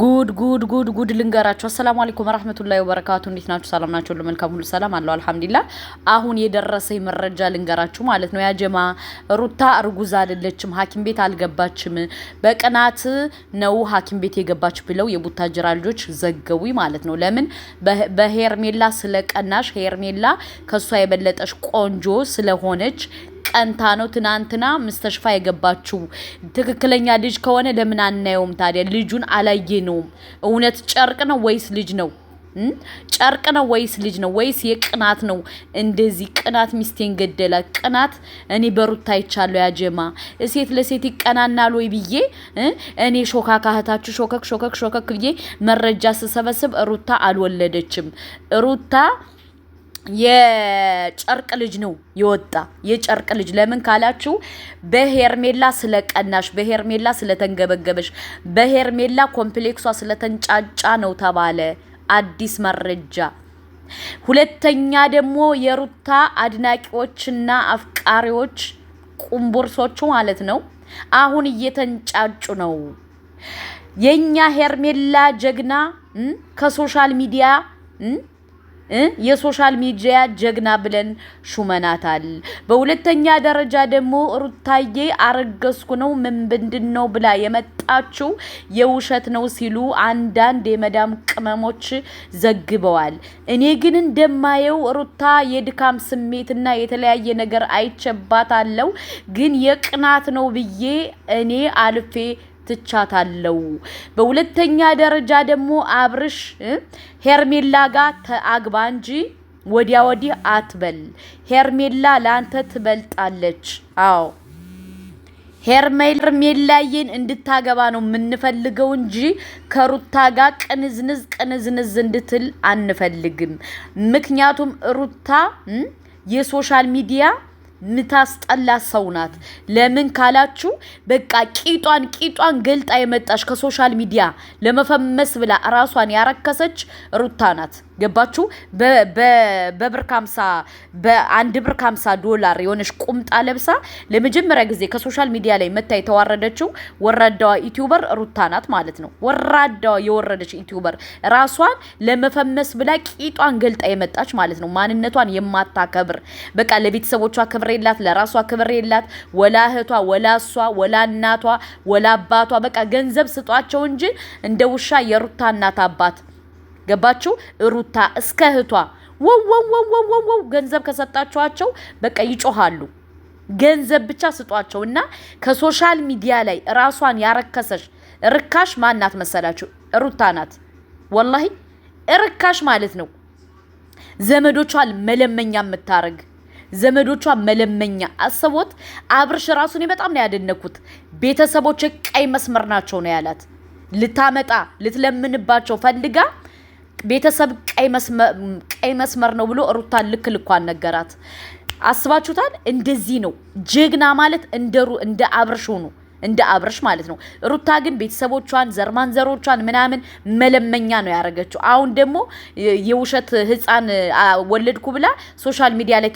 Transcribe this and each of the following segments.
ጉድ ጉድ ጉድ ጉድ ልንገራቸው አሰላሙ አለይኩም ወራህመቱላሂ ወበረካቱ። እንዴት ናችሁ? ሰላም ናችሁ? ሁሉ መልካም፣ ሁሉ ሰላም አለው አልሐምዱሊላህ። አሁን የደረሰኝ መረጃ ልንገራችሁ ማለት ነው። ያጀማ ሩታ እርጉዝ አይደለችም፣ ሐኪም ቤት አልገባችም፣ በቅናት ነው ሐኪም ቤት የገባች ብለው የቡታጅራ ልጆች ዘገቡ ማለት ነው። ለምን በሄርሜላ ስለቀናሽ፣ ሄርሜላ ከሷ የበለጠሽ ቆንጆ ስለሆነች ቀንታ ነው ትናንትና ምስተሽፋ የገባችው። ትክክለኛ ልጅ ከሆነ ለምን አናየውም ታዲያ? ልጁን አላየነውም። እውነት ጨርቅ ነው ወይስ ልጅ ነው? ጨርቅ ነው ወይስ ልጅ ነው? ወይስ የቅናት ነው? እንደዚህ ቅናት ሚስቴን ገደለ። ቅናት እኔ በሩታ አይቻለሁ። ያጀማ ሴት ለሴት ይቀናናል ወይ ብዬ እኔ ሾካ ካህታችሁ ሾከክ ሾከክ ሾከክ ብዬ መረጃ ስሰበስብ ሩታ አልወለደችም ሩታ የጨርቅ ልጅ ነው የወጣ። የጨርቅ ልጅ ለምን ካላችሁ በሄርሜላ ስለቀናሽ፣ በሄርሜላ ስለተንገበገበሽ፣ በሄርሜላ ኮምፕሌክሷ ስለተንጫጫ ነው ተባለ። አዲስ መረጃ። ሁለተኛ ደግሞ የሩታ አድናቂዎችና አፍቃሪዎች ቁምቡርሶቹ ማለት ነው አሁን እየተንጫጩ ነው። የኛ ሄርሜላ ጀግና ከሶሻል ሚዲያ የሶሻል ሚዲያ ጀግና ብለን ሹመናታል። በሁለተኛ ደረጃ ደግሞ ሩታዬ አረገዝኩ ነው ምን ነው ብላ የመጣችው የውሸት ነው ሲሉ አንዳንድ የመዳም ቅመሞች ዘግበዋል። እኔ ግን እንደማየው ሩታ የድካም ስሜትና የተለያየ ነገር አለው ግን የቅናት ነው ብዬ እኔ አልፌ ተመልክትቻታለው። በሁለተኛ ደረጃ ደግሞ አብርሽ ሄርሜላ ጋር ተአግባ እንጂ ወዲያ ወዲህ አትበል። ሄርሜላ ለአንተ ትበልጣለች። አዎ ሄርሜላዬን እንድታገባ ነው የምንፈልገው እንጂ ከሩታ ጋር ቅንዝንዝ ቅንዝንዝ እንድትል አንፈልግም። ምክንያቱም ሩታ የሶሻል ሚዲያ ምታስጠላ ሰው ናት። ለምን ካላችሁ በቃ ቂጧን ቂጧን ገልጣ የመጣች ከሶሻል ሚዲያ ለመፈመስ ብላ እራሷን ያረከሰች ሩታ ናት። ገባችሁ? በብር ከሀምሳ በአንድ ብር ከሀምሳ ዶላር የሆነች ቁምጣ ለብሳ ለመጀመሪያ ጊዜ ከሶሻል ሚዲያ ላይ መታ የተዋረደችው ወራዳዋ ዩቲዩበር ሩታ ናት ማለት ነው። ወራዳዋ የወረደች ዩቲዩበር ራሷን ለመፈመስ ብላ ቂጧን ገልጣ የመጣች ማለት ነው። ማንነቷን የማታከብር በቃ ለቤተሰቦቿ ክብር ክብር የላት፣ ለራሷ ክብር የላት። ወላ እህቷ ወላ እሷ ወላ እናቷ ወላ አባቷ በቃ ገንዘብ ስጧቸው እንጂ እንደ ውሻ የሩታ እናት አባት ገባችሁ? ሩታ እስከ እህቷ ወወወወወወው ገንዘብ ከሰጣችኋቸው በቃ ይጮሃሉ። ገንዘብ ብቻ ስጧቸው እና ከሶሻል ሚዲያ ላይ ራሷን ያረከሰች ርካሽ ማናት መሰላችሁ? ሩታ ናት። ወላሂ ርካሽ ማለት ነው። ዘመዶቿን መለመኛ የምታደርግ ዘመዶቿ መለመኛ አሰቦት። አብርሽ ራሱ እኔ በጣም ነው ያደነኩት። ቤተሰቦች ቀይ መስመር ናቸው ነው ያላት። ልታመጣ ልትለምንባቸው ፈልጋ ቤተሰብ ቀይ መስመር ነው ብሎ ሩታን ልክ ልኳን ነገራት። አስባችሁታል? እንደዚህ ነው ጀግና ማለት እንደ አብርሽ ሆኑ። እንደ አብረሽ ማለት ነው። ሩታ ግን ቤተሰቦቿን ዘርማንዘሮቿን ምናምን መለመኛ ነው ያደረገችው። አሁን ደግሞ የውሸት ሕፃን ወለድኩ ብላ ሶሻል ሚዲያ ላይ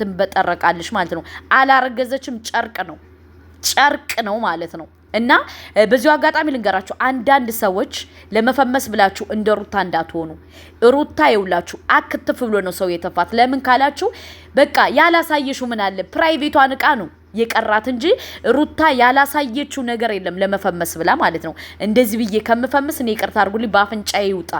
ትንበጠረቃለች ማለት ነው። አላረገዘችም። ጨርቅ ነው ጨርቅ ነው ማለት ነው። እና በዚሁ አጋጣሚ ልንገራችሁ፣ አንዳንድ ሰዎች ለመፈመስ ብላችሁ እንደ ሩታ እንዳትሆኑ። ሩታ የውላችሁ አክትፍ ብሎ ነው ሰው የተፋት። ለምን ካላችሁ በቃ ያላሳየሹ ምን አለ ፕራይቬቷን እቃ ነው የቀራት እንጂ ሩታ ያላሳየችው ነገር የለም ለመፈመስ ብላ ማለት ነው። እንደዚህ ብዬ ከምፈምስ እኔ ይቅርታ አድርጉልኝ፣ በአፍንጫ ይውጣ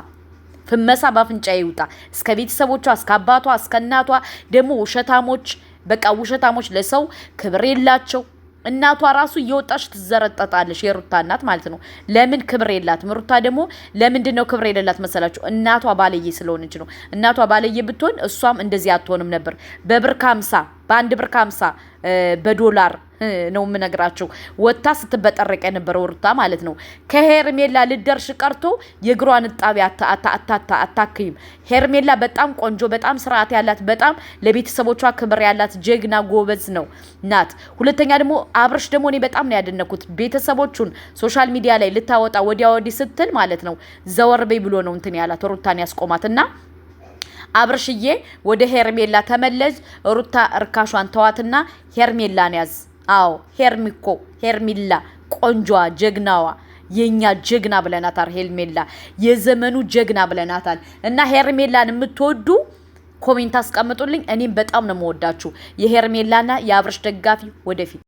ፍመሳ በአፍንጫ ይውጣ። እስከ ቤተሰቦቿ፣ እስከ አባቷ፣ እስከ እናቷ ደግሞ ውሸታሞች፣ በቃ ውሸታሞች፣ ለሰው ክብር የላቸው። እናቷ ራሱ እየወጣች ትዘረጠጣለች፣ የሩታ እናት ማለት ነው። ለምን ክብር የላትም? ሩታ ደግሞ ለምንድን ነው ክብር የሌላት መሰላችሁ? እናቷ ባለየ ስለሆነች ነው። እናቷ ባለየ ብትሆን እሷም እንደዚህ አትሆንም ነበር በብር ከሀምሳ በአንድ ብር ከሀምሳ በዶላር ነው የምነግራቸው። ወታ ስትበጠረቅ የነበረው ሩታ ማለት ነው። ከሄርሜላ ልደርሽ ቀርቶ የእግሯን እጣቢ አታክይም። ሄርሜላ በጣም ቆንጆ፣ በጣም ስርዓት ያላት፣ በጣም ለቤተሰቦቿ ክብር ያላት ጀግና ጎበዝ ነው ናት። ሁለተኛ ደግሞ አብርሽ ደግሞ እኔ በጣም ነው ያደነኩት። ቤተሰቦቹን ሶሻል ሚዲያ ላይ ልታወጣ ወዲያ ወዲህ ስትል ማለት ነው ዘወር በይ ብሎ ነው እንትን ያላት ሩታን ያስቆማት እና አብርሽዬ ወደ ሄርሜላ ተመለስ። ሩታ እርካሿን ተዋትና ሄርሜላን ያዝ። አዎ ሄርሚኮ ሄርሚላ ቆንጆዋ፣ ጀግናዋ የኛ ጀግና ብለናታል። ሄርሜላ የዘመኑ ጀግና ብለናታል። እና ሄርሜላን የምትወዱ ኮሜንት አስቀምጡልኝ። እኔም በጣም ነው የምወዳችሁ። የሄርሜላና የአብርሽ ደጋፊ ወደፊት